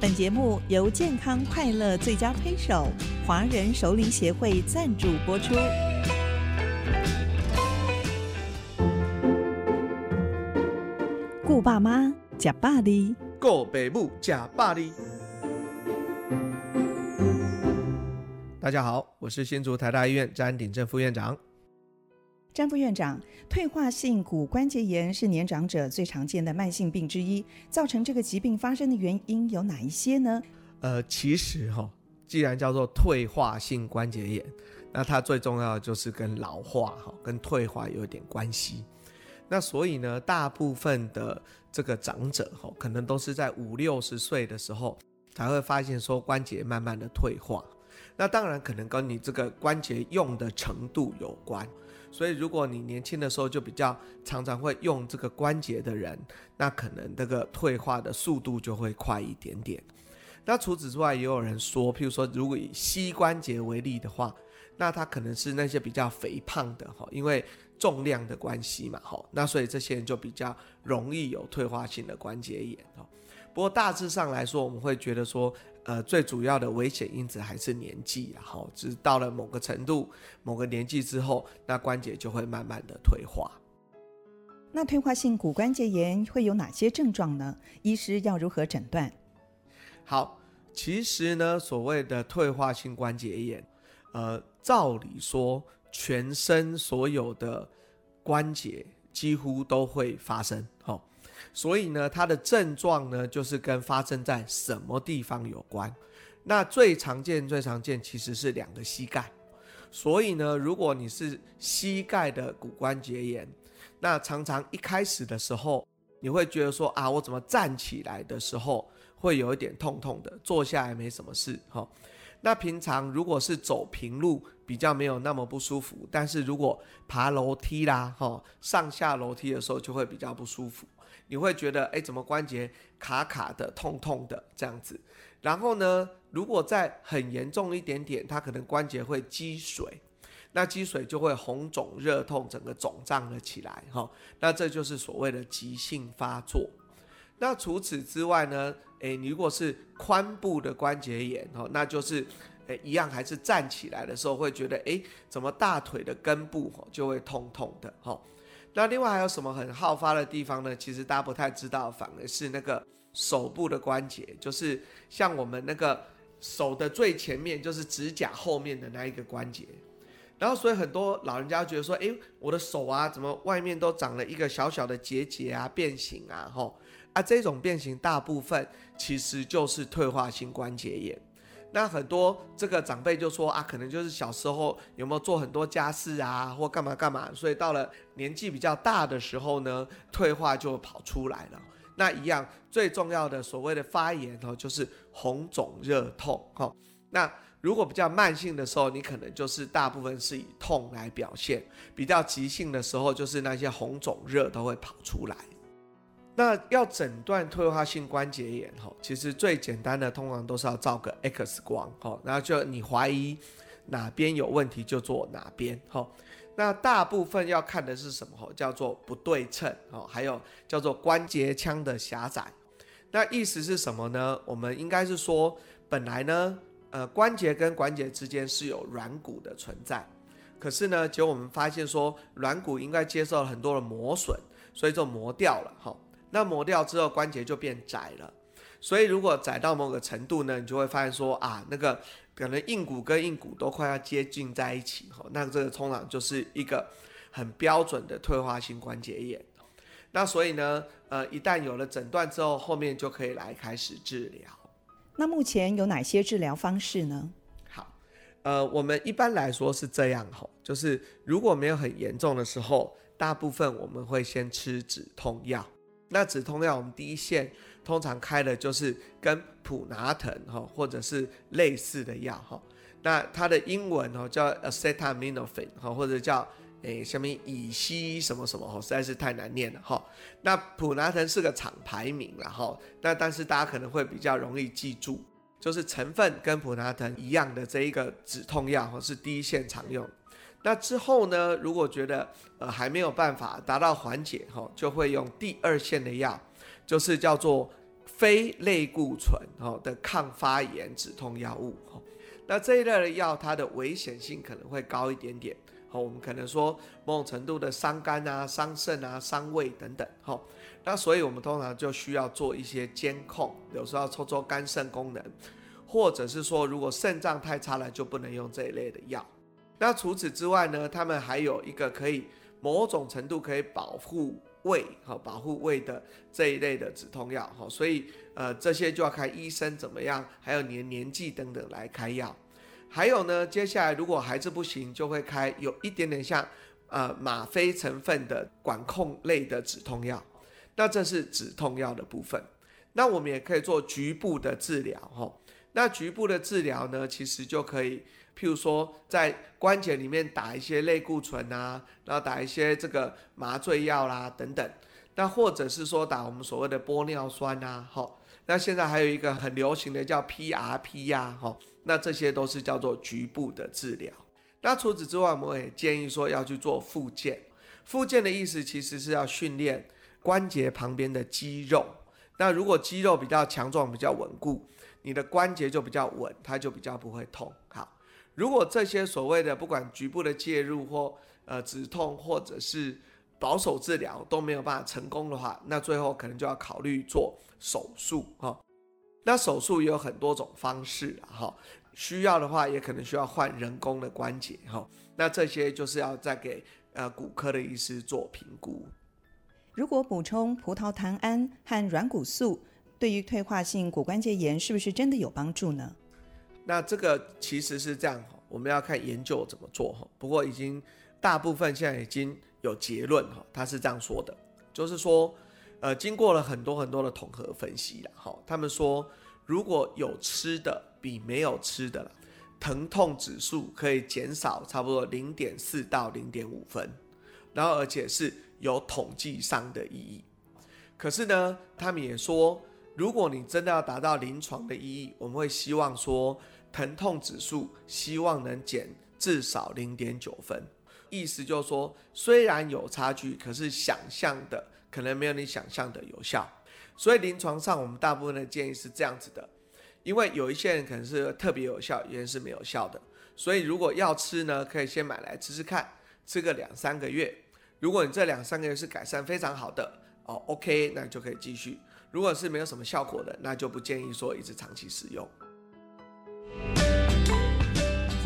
本節目由健康快樂最佳推手華人熟齡協會贊助播出。顧爸媽，吃百里。顧爸部，假百里。大家好，我是新竹台大醫院詹鼎正副院長。詹副院長，退化性骨關節炎是年長者最常見的慢性病之一。造成這個疾病發生的原因有哪一些呢？呃，其實哦，既然叫做退化性關節炎，那它最重要的就是跟老化哈，跟退化有點關係。那所以呢，大部分的這個長者哦，可能都是在五六十歲的時候才會發現說關節慢慢的退化。那當然可能跟你這個關節用的程度有關。所以，如果你年輕的時候就比較常常會用這個關節的人，那可能這個退化的速度就會快一點點。那除此之外，也有人說，譬如說，如果以膝關節為例的話，那他可能是那些比較肥胖的哈，因為重量的關係嘛哈。那所以這些人就比較容易有退化性的關節炎。不過大致上來說，我們會覺得說，呃，最主要的危險因子還是年紀，然後，就、哦、是到了某個程度、某個年紀之後，那關節就會慢慢的退化。那退化性骨關節炎會有哪些症狀呢？醫師要如何診斷？好，其實呢，所謂的退化性關節炎，呃，照理說，全身所有的關節幾乎都會發生。所以呢，它的症狀呢，就是跟發生在什麼地方有關。那最常見、最常見其實是兩個膝蓋。所以呢，如果你是膝蓋的骨關節炎，那常常一開始的時候，你會覺得說啊，我怎麼站起來的時候會有一點痛痛的，坐下來沒什麼事哈。那平常如果是走平路比較沒有那麼不舒服，但是如果爬樓梯啦，哈，上下樓梯的時候就會比較不舒服。你會覺得，哎，怎麼關節卡卡的、痛痛的這樣子？然後呢，如果再很嚴重一點點，它可能關節會積水，那積水就會紅腫、熱痛，整個腫脹了起來哈、哦。那這就是所謂的急性發作。那除此之外呢，哎，你如果是髖部的關節炎哈，那就是，誒，一樣還是站起來的時候會覺得，哎，怎麼大腿的根部就會痛痛的哈。哦那另外還有什麼很好發的地方呢？其實大家不太知道，反而是那個手部的關節，就是像我們那個手的最前面，就是指甲後面的那一個關節。然後，所以很多老人家覺得說，哎、欸，我的手啊，怎麼外面都長了一個小小的結節啊，變形啊，吼啊，這種變形大部分其實就是退化性關節炎。那很多這個長輩就說啊，可能就是小時候有沒有做很多家事啊，或幹嘛幹嘛，所以到了年紀比較大的時候呢，退化就跑出來了。那一樣最重要的所謂的發炎哦，就是紅腫熱痛哈。那如果比較慢性的時候，你可能就是大部分是以痛來表現，比較急性的時候，就是那些紅腫熱都會跑出來。那要診斷退化性關節炎哈，其實最簡單的，通常都是要照個 X 光哈，然後就你懷疑哪邊有問題就做哪邊哈。那大部分要看的是什麼？叫做不對稱哈，還有叫做關節腔的狹窄。那意思是什麼呢？我們應該是說，本來呢，呃，關節跟關節之間是有軟骨的存在，可是呢，結果我們發現說，軟骨應該接受了很多的磨損，所以就磨掉了哈。那磨掉之後，關節就變窄了，所以如果窄到某個程度呢，你就會發現說啊，那個可能硬骨跟硬骨都快要接近在一起吼，那這個通常就是一個很標準的退化性關節炎。那所以呢，呃，一旦有了診斷之後，後面就可以來開始治療。那目前有哪些治療方式呢？好，呃，我們一般來說是這樣吼，就是如果沒有很嚴重的時候，大部分我們會先吃止痛藥。那止痛藥我們第一線通常開的就是跟普拿疼哈，或者是類似的藥哈。那它的英文哈叫 acetaminophen 哈，或者叫誒什麼乙醯什麼什麼哈，實在是太難念了哈。那普拿疼是個廠牌名了哈。那但是大家可能會比較容易記住，就是成分跟普拿疼一樣的這一個止痛藥哈，是第一線常用。那之後呢？如果覺得呃還沒有辦法達到緩解哈，就會用第二線的藥，就是叫做非類固醇哈的抗發炎止痛藥物哈。那這一類的藥，它的危險性可能會高一點點。哈，我們可能說某種程度的傷肝啊、傷腎啊、傷胃等等哈。那所以我們通常就需要做一些監控，有時候要抽抽肝腎功能，或者是說如果腎臟太差了，就不能用這一類的藥。那除此之外呢，他們還有一個可以某種程度可以保護胃哈，保護胃的這一類的止痛藥哈，所以呃這些就要看醫生怎麼樣，還有你的年、年紀等等來開藥。還有呢，接下來如果還是不行，就會開有一點點像呃嗎啡成分的管控類的止痛藥。那這是止痛藥的部分。那我們也可以做局部的治療哈。那局部的治療呢，其實就可以。譬如說，在關節裡面打一些類固醇啊，然後打一些這個麻醉藥啦等等，那或者是說打我們所謂的玻尿酸啊，好，那現在還有一個很流行的叫 PRP 呀，好，那這些都是叫做局部的治療。那除此之外，我們也建議說要去做復健。復健的意思其實是要訓練關節旁邊的肌肉。那如果肌肉比較強壯、比較穩固，你的關節就比較穩，它就比較不會痛。好。如果這些所謂的不管局部的介入或，呃，止痛或者是保守治療都沒有辦法成功的話，那最後可能就要考慮做手術哈，那手術也有很多種方式哈，需要的話也可能需要換人工的關節哈。那這些就是要再給，呃，骨科的醫師做評估。如果補充葡萄糖胺和軟骨素，對於退化性骨關節炎是不是真的有幫助呢？那這個其實是這樣，我們要看研究怎麼做哈。不過已經大部分現在已經有結論哈，他是這樣說的，就是說，呃，經過了很多很多的統合分析了哈，他們說如果有吃的比沒有吃的，疼痛指數可以減少差不多零點四到零點五分，然後而且是有統計上的意義。可是呢，他們也說，如果你真的要達到臨床的意義，我們會希望說。疼痛指數希望能減至少零點九分，意思就是說，雖然有差距，可是想象的可能沒有你想象的有效。所以臨床上我們大部分的建議是這樣子的，因為有一些人可能是特別有效，有些人是沒有效的。所以如果要吃呢，可以先買來吃吃看，吃個兩三個月。如果你這兩三個月是改善非常好的哦，OK，那就可以繼續。如果是沒有什麼效果的，那就不建議說一直長期使用。